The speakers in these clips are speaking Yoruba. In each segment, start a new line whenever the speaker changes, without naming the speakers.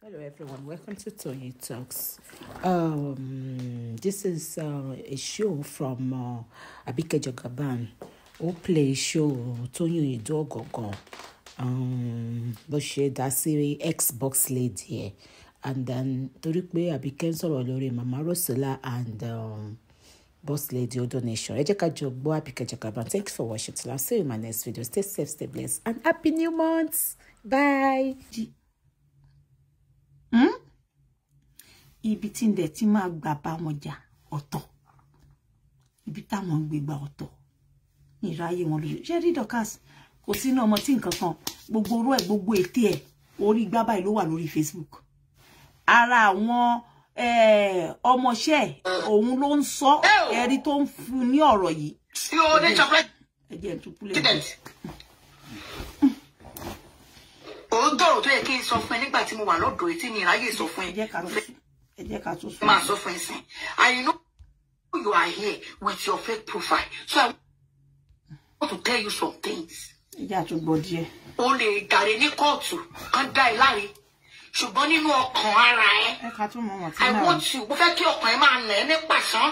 Hello, everyone. Welcome to Tony Talks. Um, this is uh, a show from uh, Abike Jagaban, who play show Tony Idogogo. Um, bó ṣe dá sí Xbox lady and then torí pé Abike ń sọ̀rọ̀ lórí Mama Rosula and um, Boss Lady Odonation. Ẹ jẹ́ Abike Jagaban. Thanks for watching. I'll see you in my next video. Stay safe, stay blessed, and happy new month. Bye. Hmm? ibi tí ń dẹ̀ ti máa gbà bá wọn jà ọ̀tọ̀ ibi táwọn ń gbégbá ọ̀tọ̀ ìráyé wọn lójú ṣé rí Dorkas kò sínú ọmọ tí nǹkan kan gbogbo orú ẹ̀ gbogbo ètè ẹ̀ orí gbábà ló wà lórí Facebook ara àwọn ọmọọṣẹ́ òun ló ń sọ ẹ̀rí tó ń fún ní ọ̀rọ̀ yìí. ẹ jẹ́ ń tún kúlẹ̀ bẹ́ẹ̀
ó dọ̀rọ̀ tó yẹ kí n sọ fún ẹ nígbà tí mo wà lọ́dọ̀ etí mi ìráyè sọ fún ẹ. ẹ jẹ́ ká tún sùn. máa sọ fún ẹ sìn I know you are here with your fake profile so I want to tell you some things. ìyá tún gbọ́ díẹ̀. o lè dàrẹ ní kóòtù kan dá ẹ láre ṣùgbọ́n nínú ọkàn ara ẹ.
ẹ ká tún mọ wọn tí náà. I want
you mo fẹ́ kí ọkàn ẹ máa nà ẹ ní pàṣán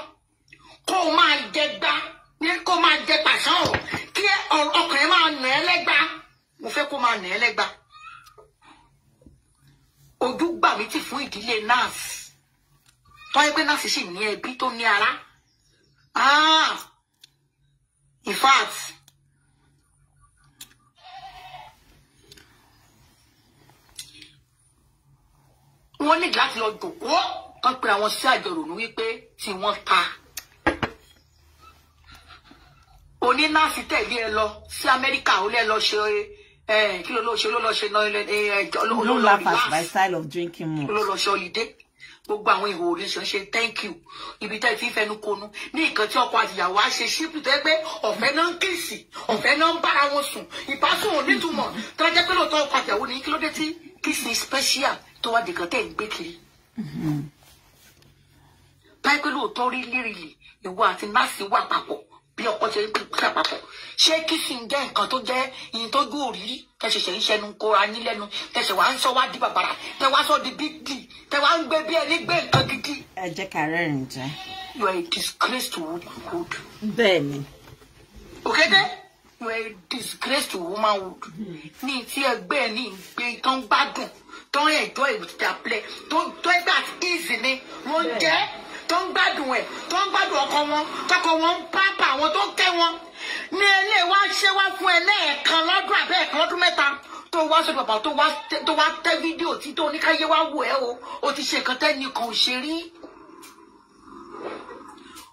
kó o máa jẹ gbá ní kó o máa jẹ pàṣán o kí ọkàn ẹ máa nà ẹ lẹ́gbàá mo fẹ́ kó o máa nà ẹ lẹ́gbàá ojú gbà mí tì fún ìdílé nurse tó yẹ pé nurse sì ní ẹbí tó ní ara ah! in fact wọ́n ní láti lọ jòkó kan pé àwọn sí àjọrònú wípé tí wọ́n ta oní nurse tẹ̀lé ẹ lọ sí Amẹ́ríkà ó lẹ́ lọ ṣe é kí ló lọ ṣe ló lọ ṣe náà ẹjọ ló lọ laugh at my
style of drinking more. ló
lọ ṣe ọlídé gbogbo àwọn ìhòòhò lè ṣe ṣe thank you ibi tẹ́ fi ń fẹnu konu ní nǹkan tí ọkọ àtìyàwó á ṣe ṣípù tó yẹ pé ọ̀fẹ́ náà ń kìsì ọ̀fẹ́ náà ń bára wọn sùn ìbásùn ò nítumọ̀ tó jẹ́ pé lóòótọ́ ọkọ àtìyàwó ní kí ló dé tí kìsì special to wá dìkan tẹ̀ ń gbé kiri. Mm-hmm. báyìí pé lóòótọ́ rí lérìlì ìwọ àti nọ́ọ̀sì wà papọ̀ bí ọkọ ṣe ń pè pé àpapọ̀ ṣé jẹ́ nǹkan tó jẹ́ ìyìn tó gbó òrírí tẹ̀sẹ̀ṣẹ̀ ń ṣẹnu kóra yín lẹ́nu tẹ̀sẹ̀ wá ń sọ wá di bàbàrà tẹ̀ wá sọ di big tẹ̀ wá ń gbé bí ẹni gbé nǹkan gidi. ẹ jẹ́
ká rẹ́rìn jẹ́.
you are a disgrace to womanhood. bẹ́ẹ̀ni. òkété you are a disgrace to womanhood. ní ti ẹgbẹ́ ẹ̀ ní ìgbé tó ń gbádùn tó ń ẹ̀jọ́ ìwòsàn àpilẹ̀ tó ń tó ẹgbẹ́ àti ni wọ́n jẹ́ tó ń gbádùn ẹ̀ tó ń gbádùn ọkọ wọn tọkọ wọn ń pápá àwọn tó ń kẹ́ wọn ní ilé wa ṣé wá fún ẹ lẹ́ẹ̀kan lọ́dún àbẹ́ẹ̀kan lọ́dún mẹ́ta tó wá sọ bàbá tó wá tẹ fídíò tí tó oníkáyé wá wò ẹ́ o o ti ṣe nǹkan tẹ́ni kan ò ṣe rí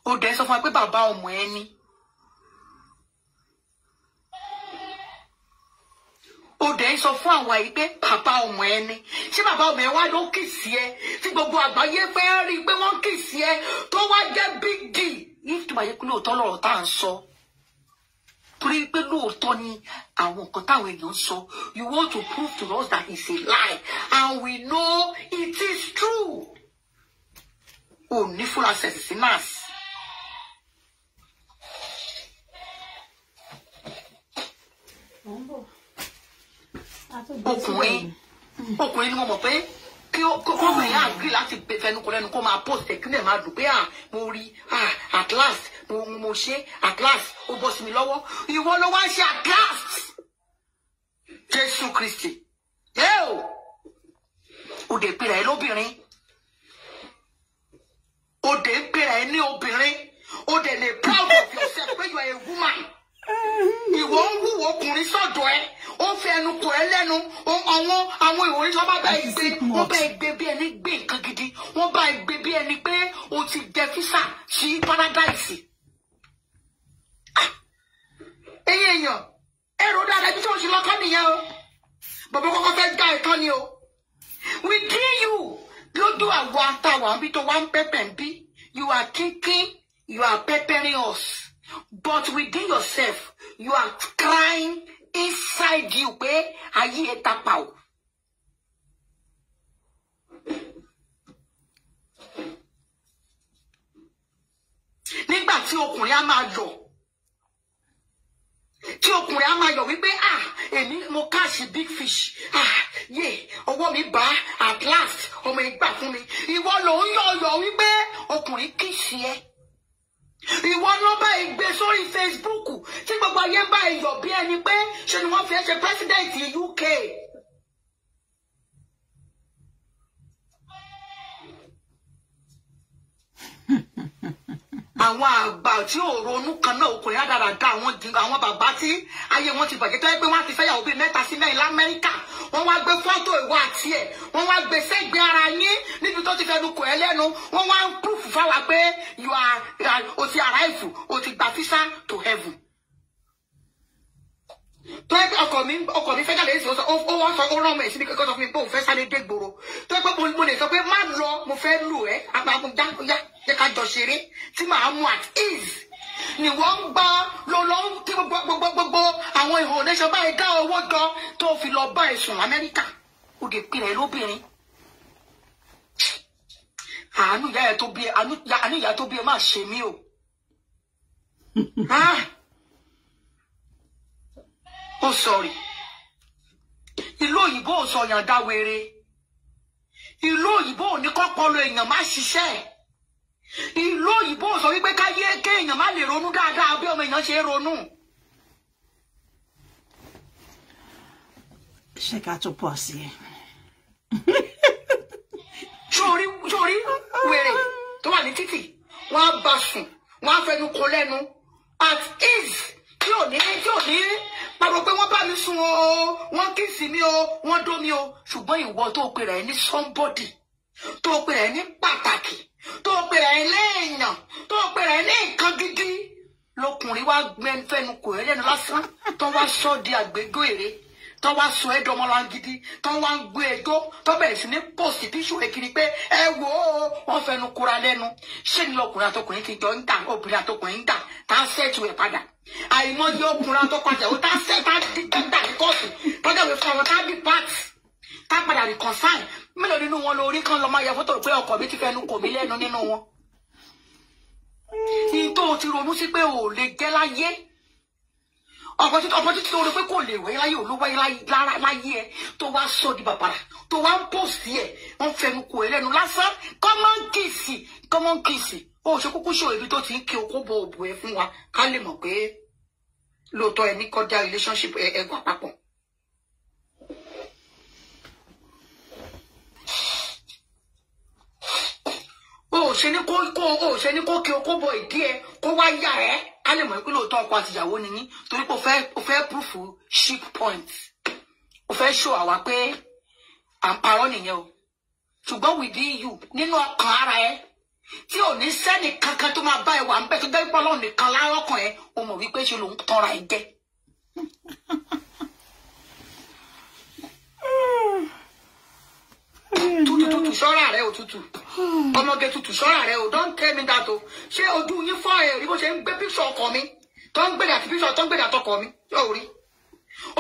o dẹ̀ sọ fún wa pé bàbá ọmọ ẹ ni. ó sọ fún àwọn yìí pé bàbá ọmọ ẹ ni ṣé bàbá ọmọ ẹ wá ló kìsì ẹ tí gbogbo àgbáyé fẹ́ rí i pé wọ́n kìsì ẹ tó wá jẹ́ bígì ní pé lóòótọ́ lọ̀rọ̀ tá à ń sọ torí pé lóòótọ́ ni àwọn nǹkan táwọn èèyàn sọ you want to prove to us that it's a lie and we know it is true ò ní fúnra ṣẹ̀ṣẹ̀ sí nurse.
ọkùnrin
ọkùnrin ni mo mọ̀ pé kí ọkùnrin yà gírí láti fẹnukọ lẹ́nu kó máa post kí lè máa dùn pé à ah, mo rí ah, at last mo mo ṣe at last ó bọ́ sí mi lọ́wọ́ ìwọ ló wá ṣe at last Jésù Kristi ẹ o òde ìpìlẹ̀ ẹ lóbìnrin òde ìpìlẹ̀ ẹ ní obìnrin òde lè proud of yourself pé you are a woman ìwọ ń wúwo ọkùnrin sọ́dọ̀ ẹ ó fi ẹnu kò ẹ lẹ́nu àwọn àwọn ìwòrí lọ bá bá wọn bá ẹ bí ẹni gbé nǹkan gidi wọn bá ẹ bí ẹni pé o ti jẹ físà sí paradise ah! ẹ̀yin èèyàn ẹrù dáadáa ibi tí wọn ṣe lọkọ nìyẹn o bàbá kọ́kọ́ fẹ́ẹ́ gbá ẹ̀tọ́ ni o we kill you lójú àwọn àtàwọn àbí tó wá ń pẹpẹ ń bí you are thinking you are peppering us but within yourself you are crying inside you pé ayé ẹ tapa o. nígbà tí ọkùnrin á máa yọ̀ tí ọkùnrin á máa yọ̀ wípé ah èmi mo káàsì big fish ah yé ọwọ́ mi bá at last ọmọ ìgbà fún mi ìwọ ló ń yọ̀ yọ̀ wípé ọkùnrin kìí ṣe ẹ́ ìwọ ló bá ìgbé sórí Facebook tí gbogbo ayé ń bá ìyọ̀ bí ẹni pé ṣe ni wọ́n fi ẹ́ ṣe pẹ́sidẹ̀ntì UK. àwọn àgbà tí ò ronú kan náà okòrin àdàràdà àwọn àwọn bàbá tí ayé wọn ti bàjẹ́ tó yẹ pé wọ́n ti fẹ́yàwó bíi mẹ́ta sí mẹ́rin lamẹ́ríkà wọ́n wá gbé fọ́tò ìwọ àti ẹ̀ wọ́n wá gbé sẹ́gbẹ́ ara yín níbi tó ti fẹnu kò ẹ́ lẹ́nu wọ́n wá ń púfù fáwa pé you are o ti arrive o ti gba fisa to heaven tó yẹ pé ọkọ mi ọkọ mi fẹ́ jáde èsì ó wọ́n sọ ó rán ọmọ ẹ̀ síbi kẹ́kọ̀ọ́ sọ fún mi pé òun fẹ́ sáré dé gbòòrò tó yẹ pé mo lè sọ pé má lọ mo fẹ́ lù ẹ́ àgbà mo já jẹ́ ká jọ ṣeré tí màá mú at ease ni wọ́n ń gbá ló lọ ń kí gbogbo gbogbo àwọn ìhò oníṣẹ́ báyìí dá owó gan tó fi lọ bá ẹ̀sùn Amẹ́ríkà ó lè pinnu ẹ̀ lóbìnrin àánú ìyá ẹ tó bí àánú ìyá tó bí ẹ má ṣe mí o ah! ó sọrí ìlú òyìnbó ò sọ yàn dá wéré ìlú òyìnbó ò ní kọ́pọ̀ lo èèyàn má ṣiṣẹ́ ẹ̀ ìlú òyìnbó sọ wípé káyé kéèyàn má lè ronú dáadáa bí ọmọ èèyàn ṣe ronú.
ṣé ká tó pọ̀ sí i.
sórí sórí wèrè tó wà ní títì wọn á bá sùn wọn á fẹnu kò lẹ́nu at ease tí ò ní tí ò ní pariwo pé wọ́n bá mi sùn o wọ́n kí sí mi o wọ́n dó mi o ṣùgbọ́n ìwọ tó pera ẹ ní somebody tó pè rẹ̀ ní pàtàkì tó pè rẹ̀ léèyàn tó pè rẹ̀ ní nǹkan gidi lọkùnrin wa gbẹnufẹnu kò rẹ lẹ́nu lásán tó wá sọ di àgbégbó èrè tó wá sọ ẹ dọmọlangidi tó wá ń gbé ẹjọ́ tó bẹ̀rẹ̀ sí ní pòsì tíṣù ẹ kiri pé ẹ wò ó wọn fẹnu kura lẹ́nu ṣé ni lọkùnrin àtọkùnrin ti jọ ń tà obìnrin àtọkùnrin ń tà tá a ṣẹ́ẹ̀tù ẹ̀ padà àìmọye ọkùnrin àtọkùnrin àtọkùnrin tá a ṣẹ́ẹ̀tù ẹ̀ padà ní kóòtù tọ́jà wẹ̀ fún ọmọ mélòó nínú wọn lórí kan lọ máa ya fótó pé ọkọ mi ti fẹnu kò mí lẹ́nu nínú wọn ní tó ti ronú sí pé ò lè jẹ́ láyé ọkọ títí ọkọ títí orí pé kò lè wáyé láyé olúwa lára láyé ẹ tó wá sọ di bàbàrà tó wá ń pòsì ẹ wọn fẹnu kò ẹ lẹ́nu lásán common kiss common kiss ó ṣe kúkú ṣe ibi tó ti ń kí okó bo òbò ẹ fún wa ká lè mọ̀ pé lóòótọ́ ẹ ní kọjá relationship ẹ ẹgbà papọ̀. o ṣe ní kó kó o ṣe ní kó kí o kó bọ ìdí ẹ kó wá yà ẹ á lè mọ̀ pé lóòótọ́ ọkọ àtìyàwó ni yín torí pé o fẹ́ o proof ship point o fẹ́ show àwa pé à ń parọ́ nìyẹn o ṣùgbọ́n within you nínú ọkàn ara ẹ tí ò ní sẹ́ni kankan tó máa bá ẹ wà ń bẹ tó dẹ́gbọ́n lọ́nà nìkan lárọ́kàn ẹ o mọ̀ wípé ṣe ló ń tọ́ra ẹ jẹ́. tútù tútù sọ́ra rẹ òtútù ọmọge tútù sọ́ra rẹ ò don't tell me that o ṣé ojú yín fọ́ ẹ̀ rí bó ṣe ń gbé píṣọ̀ ọkọ mi tó ń gbèdà tí píṣọ̀ tó ń gbèdà tọkọ mi yóò rí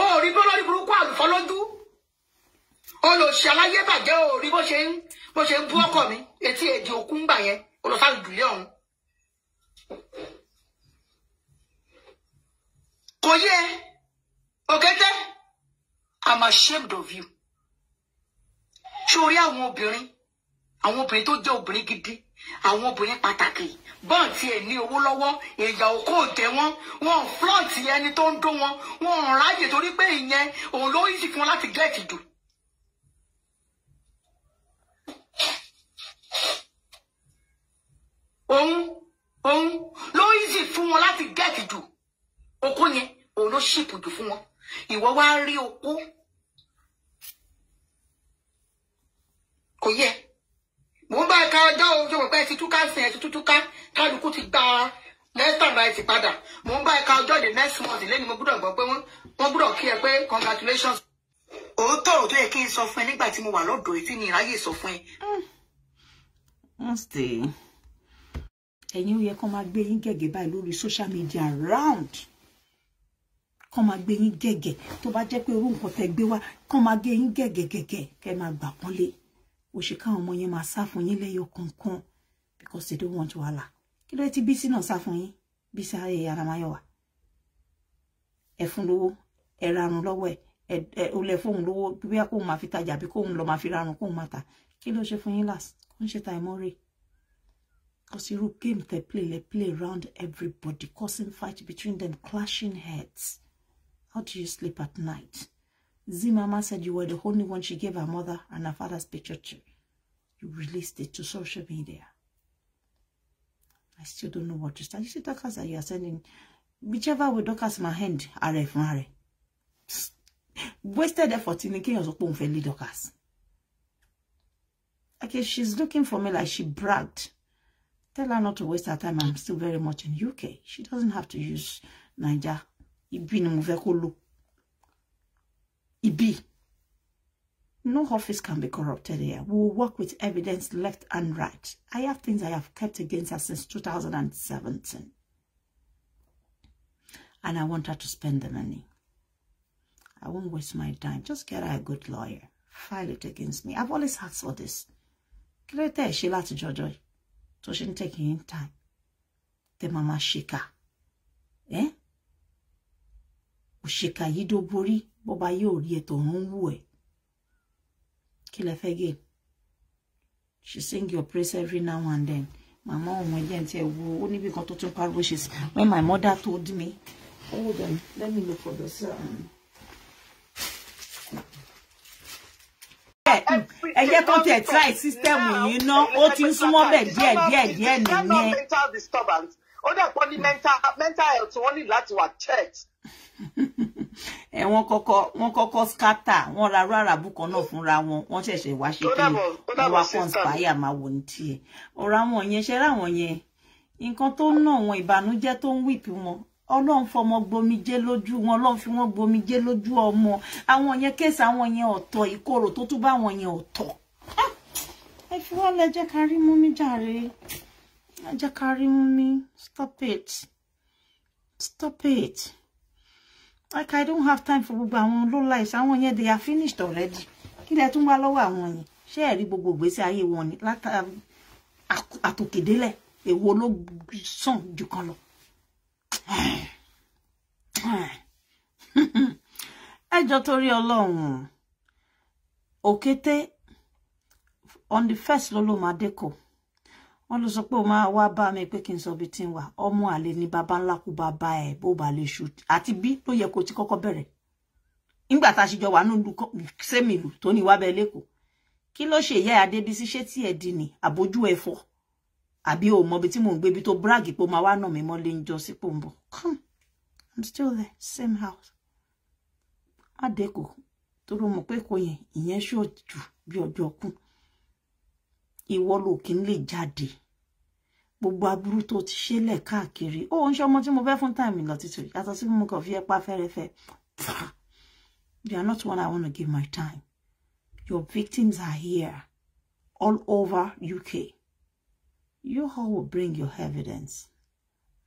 o rí bí olórí burúkú àlùfọ́ lójú olòṣì aláyé bàjẹ́ o rí bó ṣe ń bó ṣe ń bú ọkọ mi etí èdè òkú ń gbà yẹn olùsáré dùlé ọ̀hún. kò yẹ e. òkété I'm ashamed of you sórí àwọn obìnrin àwọn obìnrin tó jẹ́ obìnrin gidi àwọn obìnrin pàtàkì bọ́ọ̀n tí ẹ̀ ní owó lọ́wọ́ ìyà òkò jẹ wọ́n wọn flọ́ọ̀tì ẹni tó ń dó wọn wọn ò ráyè torí pé ìyẹn òun ló yí sí fún wọn láti gẹ́ẹ̀tì dù. òun òun ló yí sí fún wọn láti gẹ́ẹ̀tì dù okó yẹn òun ló ṣìpù jù fún wọn ìwọ wá rí okó kò yẹ mò ń bá ẹka ọjọ́ ojú òpẹ́ ti túká sìn ẹ̀ ti túká kálukú ti gba next time láì ti padà mò ń bá ẹka ọjọ́ the next month lẹ́nu mo gbúdọ̀ gbọ́ pé wọ́n gbúdọ̀ kí ẹ pé congratulations. òótọ́ òótọ́ yẹ kí n sọ fún ẹ nígbà tí mo wà lọ́dọ̀ etí ni ìráyè sọ
fún ẹ. ẹ̀yin ó yẹ kó máa gbé yín gẹ̀gẹ̀ báyìí lórí social media round kàn máa gbé yín gẹ̀gẹ̀ tó bá jẹ́ pé irú nǹkan tẹ́ gbé wá kàn máa gbé yín gẹ̀gẹ̀ gẹ̀gẹ̀ kẹ́ máa gbà pọ́nlé òṣìkà àwọn ọmọ yẹn máa sá fún yín lẹ́yọ kọ̀ọ̀kan because they don't want wàhálà kí ló ti bísí náà sá fún yín bísí ayé ara máa yọ wá ẹ fún lówó ẹ rarun lọ́wọ́ ẹ ẹ ó lẹ fóun lówó bí a kóun máa fi tajà bí kóun lọ máa fi rarun kóun máa tà kí ló ṣe fún yín last kó ń ṣe ta ẹmọ cause irú game tẹ play lẹ play round everybody causing fight between them clashing heads how do you sleep at night. Zimama said you were the only one she gave her mother and her father's picture to. You released it to social media. I still don't know what to start. You see, doctors that you are sending, whichever way doctors my hand, are mare. Wasted effort in the king of doctors. Okay, she's looking for me like she bragged. Tell her not to waste her time. I'm still very much in UK. She doesn't have to use Niger. Ibinu Muvekolo it be. No office can be corrupted here. We will work with evidence left and right. I have things I have kept against her since 2017. And I want her to spend the money. I won't waste my time. Just get her a good lawyer. File it against me. I've always asked for this. Kirete she to Jojo. So she didn't take any time. The mama shika. Eh? òṣìkà yìí dó borí bọ́ba yóò rí ẹ tọ̀run wù ẹ́ kí lẹ fẹ́ gé she sing your praise every now and then màmá òun ẹjẹ ti ẹ wo ó níbi kan tó tún pariwo ṣe sí when my mother told me hold on let me look for the song. ẹyẹ kan tẹ try system yìí ná ó ti ń súnmọ́ bẹ̀ díẹ̀ díẹ̀ díẹ̀
nìyẹn ó dẹ̀ pọ́ ní mental mental health wọ́n ní láti wà checked.
ẹ eh, wọ́n kọ́kọ́ wọ́n kọ́kọ́ scatter wọ́n ra ráràbù kan náà fúnra wọn wọ́n ṣẹ̀ṣẹ̀ wá ṣe kí wọ́n wá conspire máa wò ní tiẹ̀ ọ̀rọ̀ àwọn yẹn ṣe ráwọn yẹn nǹkan tó ń nà wọn ìbànújẹ́ tó ń wíìpì wọn ọlọ́run fọmọ gbomijé lójú wọn ọlọ́run fi wọn gbomijé lójú ọmọ àwọn yẹn kéèsì àwọn yẹn ọ̀tọ̀ ìkorò tó tún bá àwọn yẹn ọ̀tọ̀ ah! ẹ fi wọn lẹ jẹ́ ká rí mú mi jàre. Jakari, jẹ́ stop it stop it like i don't have time for gbogbo àwọn low I want yẹn they are finished already kí lẹ tún wá lọ́wọ́ àwọn yẹn ṣé ẹ rí gbogbo ìgbésí ayé wọn ni um, àtòkèdélẹ̀ èwo ló sàn jù kan lọ ẹjọ́ torí Ọlọ́run òkété on the first lolo madeko wọ́n ló sọ pé ó máa wá bá mi pé kí n sọ bí tí ń wà ọmọ àlè ni baba ńlá kú bàbá ẹ bó ba lè ṣu àti bí ló yẹ kó ti kọ́kọ́ bẹ̀rẹ̀ nígbà tá a ṣe jọ wà nínú sẹmìlù tó ní wábẹ lẹkọọ kí ló ṣe ìyá adébísí ṣé tí ẹ di ni àbójú ẹ fọ àbí o mọbi tí mò ń gbé ibi tó brag pé ó máa wá nà mí mọ́lé ń jọ sípò ń bọ̀ come i'm still there same house má dẹ́kọ̀ọ́ tó ló mọ̀ pé kò yẹn ìyẹn ṣó jù bí ọjọ́ kún ìwọ ló kí n lè jáde gbogbo aburú tó ti ṣe lẹ̀ káàkiri ó ń ṣe ọmọ tí mo fẹ́ fún táìmì lọ títù yàtọ̀ sí mo kàn fi ẹpá fẹ́rẹ́fẹ́ they are not one I want to give my time your victims are here all over UK you all will bring your evidence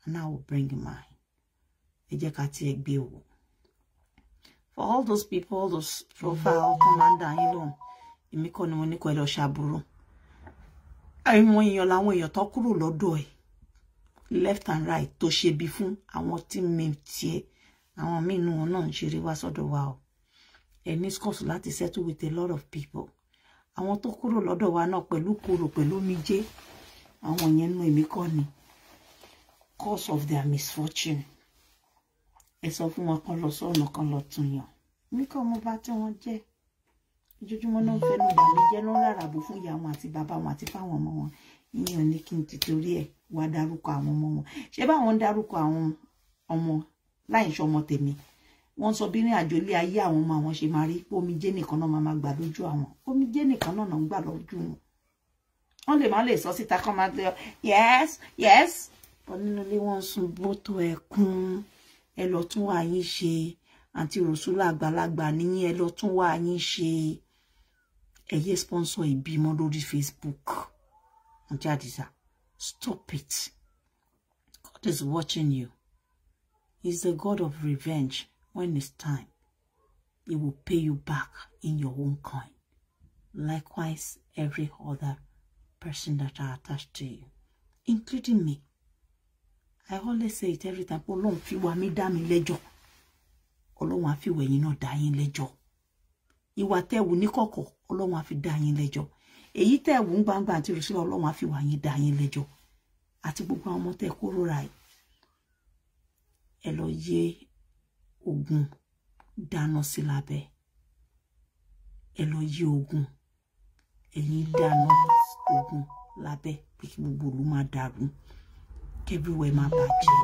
and I will bring mine ẹ jẹ́ ká tiẹ̀ gbé wò for all those people all those profile commander yín lòun èmi kọ́ ni mo ní kọ́ ẹ lọ ṣàbúrò àwọn èèyàn làwọn èèyàn tó kúrò lọ́dọ̀ ẹ̀ left and right tó ṣe bí fún àwọn tí mi tiẹ̀ àwọn míì inú wọn náà ń ṣeré wá sọ́dọ̀ wa o ẹ ní scott láti settle with a lot of people àwọn tó kúrò lọ́dọ̀ wa náà pẹ̀lú korò pẹ̀lú omijé àwọn yẹn nú èmi kọ́ ni cause of their misfortune ẹ sọ fún wọn kan lọ sọ́nà kan lọ tún yàn mí kọ́ mo bá tí wọ́n jẹ́ ojoojúmọ́ náà fẹ́ ló bà mí jẹ́ ló ń ràràbò fún ìyá wọn àti bàbá wọn àti fáwọn ọmọ wọn ìyẹn ò ní kí n tìtorí ẹ̀ wá dárúkọ àwọn ọmọ wọn ṣé báwọn ń dárúkọ àwọn ọmọ láì ṣọmọ tèmi wọ́n sọ bí ní àjò ilé ayé àwọn ọmọ àwọn ṣe máa rí pé omijé nìkan náà máa máa gbà lójú àwọn omijé nìkan náà náà ń gbà lójú wọn wọ́n lè má lè sọ síta kán máa lọ yes yes wọn nínú ilé wọn sun bótó ẹkún ẹ lọ tún wá yín ṣe àǹtí rọṣúlà àgbàlagbà níyìn ẹ lọ tún yín ṣe ẹyẹ sponsor ìbímọ lórí Facebook àti àdìsá stop it God is watching you he's the God of revenge when it's time he will pay you back in your own coin likewise every other person that are attached to you including me I always say it every time ọlọ́run fi wá mi dá mi lẹ́jọ́ ọlọ́run á fi wẹ̀yìn náà dá yín lẹ́jọ́. ìwà tẹ́ wù níkọ̀kọ̀ ọlọ́run á fi dá yín lẹ́jọ́ èyí tẹ́ wù ń gbangba àti òṣìṣẹ́ ọlọ́run á fi wà yín dá yín lẹ́jọ́ àti gbogbo àwọn ọmọ tẹ́ kó rọra ẹ lọ yé ogun dáná sí lábẹ́ ẹ lọ yí ogun ẹ̀yin dáná ogun lábẹ́ pé kí gbogbo òlu máa dàrú kẹ́bíwẹ̀ máa bàjẹ́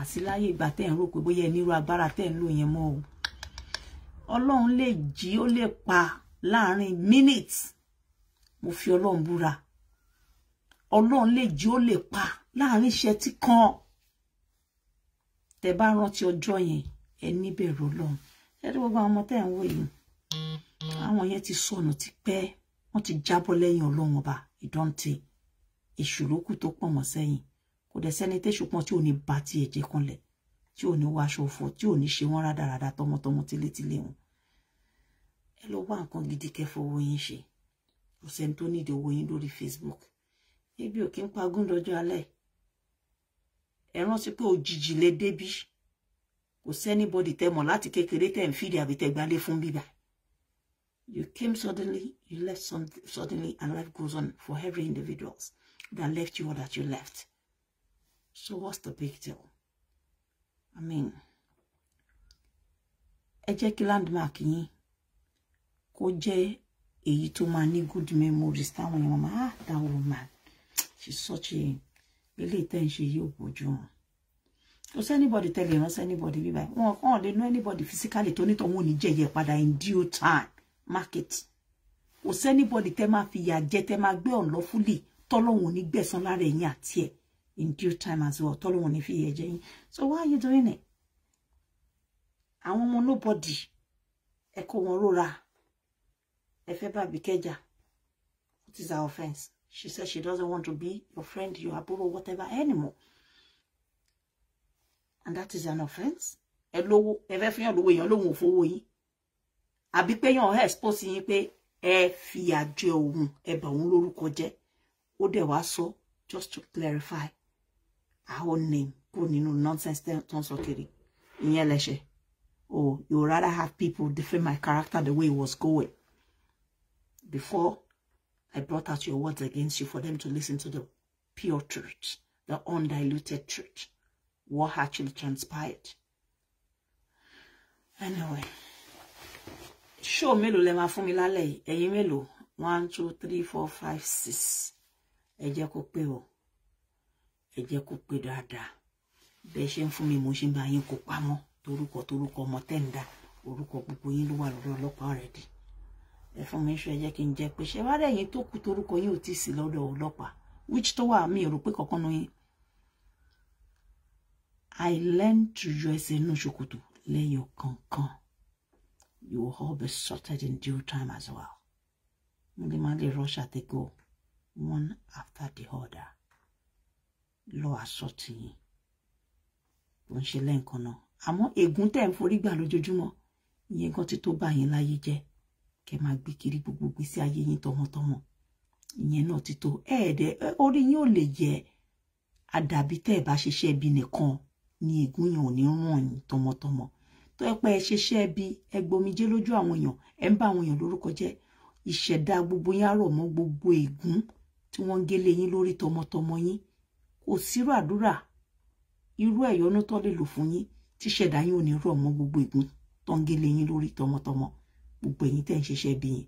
àti ìgbà tẹ́ ń rò pé bóyá ẹ nírú agbára tẹ́ ń lò yẹn mọ́ o ọlọ́run lè jí ó lè pa láàrin minutes mo fi ọlọ́run búra ọlọ́run lè jí ó lè pa láàrin ìṣẹ́jú kan tẹ bá rántí ọjọ́ yẹn ẹ níbẹ̀rù ọlọ́run ẹ rí gbogbo àwọn ọmọ tẹ́ ń wò yìí àwọn yẹn ti sọnù ti pẹ́ wọ́n ti jábọ́ lẹ́yìn ọlọ́run ọba ìdọ́ǹtì èṣù lókù tó pọ̀ mọ́ sẹ́yìn kò dẹ̀ sẹ́ni tẹ́ṣù tí ò ní bá tiẹ̀ jẹ́ kanlẹ̀ tí ò ní wáṣọ òfò tí ò ní ṣe wọ́n rádaràda tọmọtọmọ tílétílé wọn ẹ lọ wá nǹkan gidi kẹfọ owó yín ṣe kò sẹ́ni tó nídìí owó yín lórí Facebook ebi ò kí ń pagún dọjọ́ alẹ́ ẹ rántí pé òjijì lè débí kò sẹ́nibọ́dì tẹ́ mọ̀ láti kékeré tẹ́ ń fìdí àbí tẹ́ gbalé fún bíbá you came suddenly you left some, suddenly and life goes on for every individuals that left you or that you left so what's the big deal. I mean, jẹ́ kí landmark yín kó jẹ́ èyí tó máa good memories táwọn èèyàn máa ah that woman she's such a ilé tẹ́ she ṣe yìí ò bójú anybody tell you. anybody tẹ́lẹ̀ anybody bíbá wọn kàn lè ná anybody physically Tony nítorí òní jẹ̀yẹ̀ but in due time market kò sí anybody tell máa fi yà them. tẹ́ máa gbé ọ̀nlọ́fúlì tọ́lọ́hún ò ní gbẹ̀san lára ẹ̀yìn àti in due time as well tọ́lọ́wọ́n ní fi yẹ jẹ so why are you doing it I want nobody Eko morora. Efeba rọra what is our offence she said she doesn't want to be your friend your or whatever anymore and that is an offence ẹ lówó ẹ fẹ́ fihàn lówó èèyàn lóhun òfowó be àbí pé yàn expose yín pay ẹ fi àjẹ òun ẹ bà òun lórúkọ jẹ́ just to clarify our name kúrò nínú nonsense tó ń sọ kiri ìyẹn oh you would rather have people defame my character the way it was going before I brought out your words against you for them to listen to the pure truth the undiluted truth what actually transpired anyway show mélòó lẹ máa fún mi lálẹ́ yìí ẹ̀yin mélòó one two three four five six ẹ jẹ́ kó o ẹ jẹ́ kó pé dáadáa bẹ́ẹ̀ ṣe ń fún mi mo ṣe ń bá yín kó pamọ́ torúkọ torúkọ ọmọ tẹ́ǹda orúkọ gbogbo yín ló wà lọ́dọ̀ ọlọ́pàá rẹ̀ dì ẹ fún mi ṣe jẹ́ kí n jẹ́ pé ṣé wá rẹ̀ yín tó kù torúkọ yín ò tí sí lọ́dọ̀ ọlọ́pàá which tó wà mí rò pé kankan nu yín I learned to yọ ẹsẹ̀ inú ṣòkòtò lẹ́yìn kankan you will all be sorted in due time as well. Ndimali Russia they go one after the other lọ àṣọ tìyìn kò ń ṣe lẹ́ǹkan náà àmọ́ ègún tẹ̀ ń forí gbà lójoojúmọ́ ìyẹn kan ti tó bá yín láyé jẹ́ kẹ́ máa gbé kiri gbogbo gbèsè ayé yín tọmọtọmọ ìyẹn náà ti tó ẹ̀ẹ́dẹ̀ orí yín ò lè yẹ àdàbí tẹ́ ẹ̀ bá ṣiṣẹ́ ibi nìkan ni ègún yẹn ò ní ràn yín tọmọtọmọ tó ẹ pé ẹ ṣiṣẹ́ ibi ẹ gbomijé lójú àwọn èèyàn ẹ ń bá àwọn èèyàn lórúkọ jẹ́ ìṣẹ̀dá gbogbo yín á rọ̀ mọ́ gbogbo ègún tí wọ́n ń gélé yín lórí tọmọtọmọ yín kò sírò àdúrà irú ẹ̀yọ́nú tó lè lò fún yín tí ṣẹ̀dá yín ò ní rọ̀ mọ́ gbogbo ègún tó ń gélé yín lórí tọmọtọmọ gbogbo ẹ̀yin tẹ́ ń ṣiṣẹ́ bí yín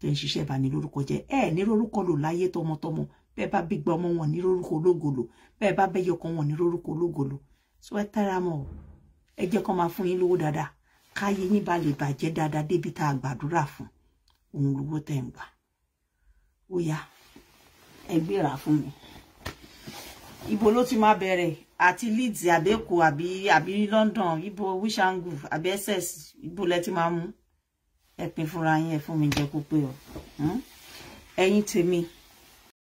tẹ́ ń ṣiṣẹ́ bani lórúkọ jẹ́ ẹ ní rórúkọ lò láyé tọmọtọmọ bẹ́ẹ̀ bá bí gba ọmọ wọn ní rórúkọ ológolo bẹ́ẹ̀ bá bẹ́yẹ ọkọ wọn ní rórúkọ ológolo so ẹ tẹ́ra mọ́ ẹ jẹ́ kó máa fún yín lówó dáadáa káyé yín bá lè bàjẹ́ dáadáa débi tá a gbàdúrà fún òun lówó tẹ̀ ń gbà ó yá ẹ gbéra fún mi ibo ló ti máa bẹ̀rẹ̀ àti Leeds àbẹ́kò àbí àbí London ibo wishangu àbí ss ibo lẹ ti máa mú ẹ pín fúnra yín ẹ fún mi jẹ kó pé o hmm? ẹ̀yin tèmi.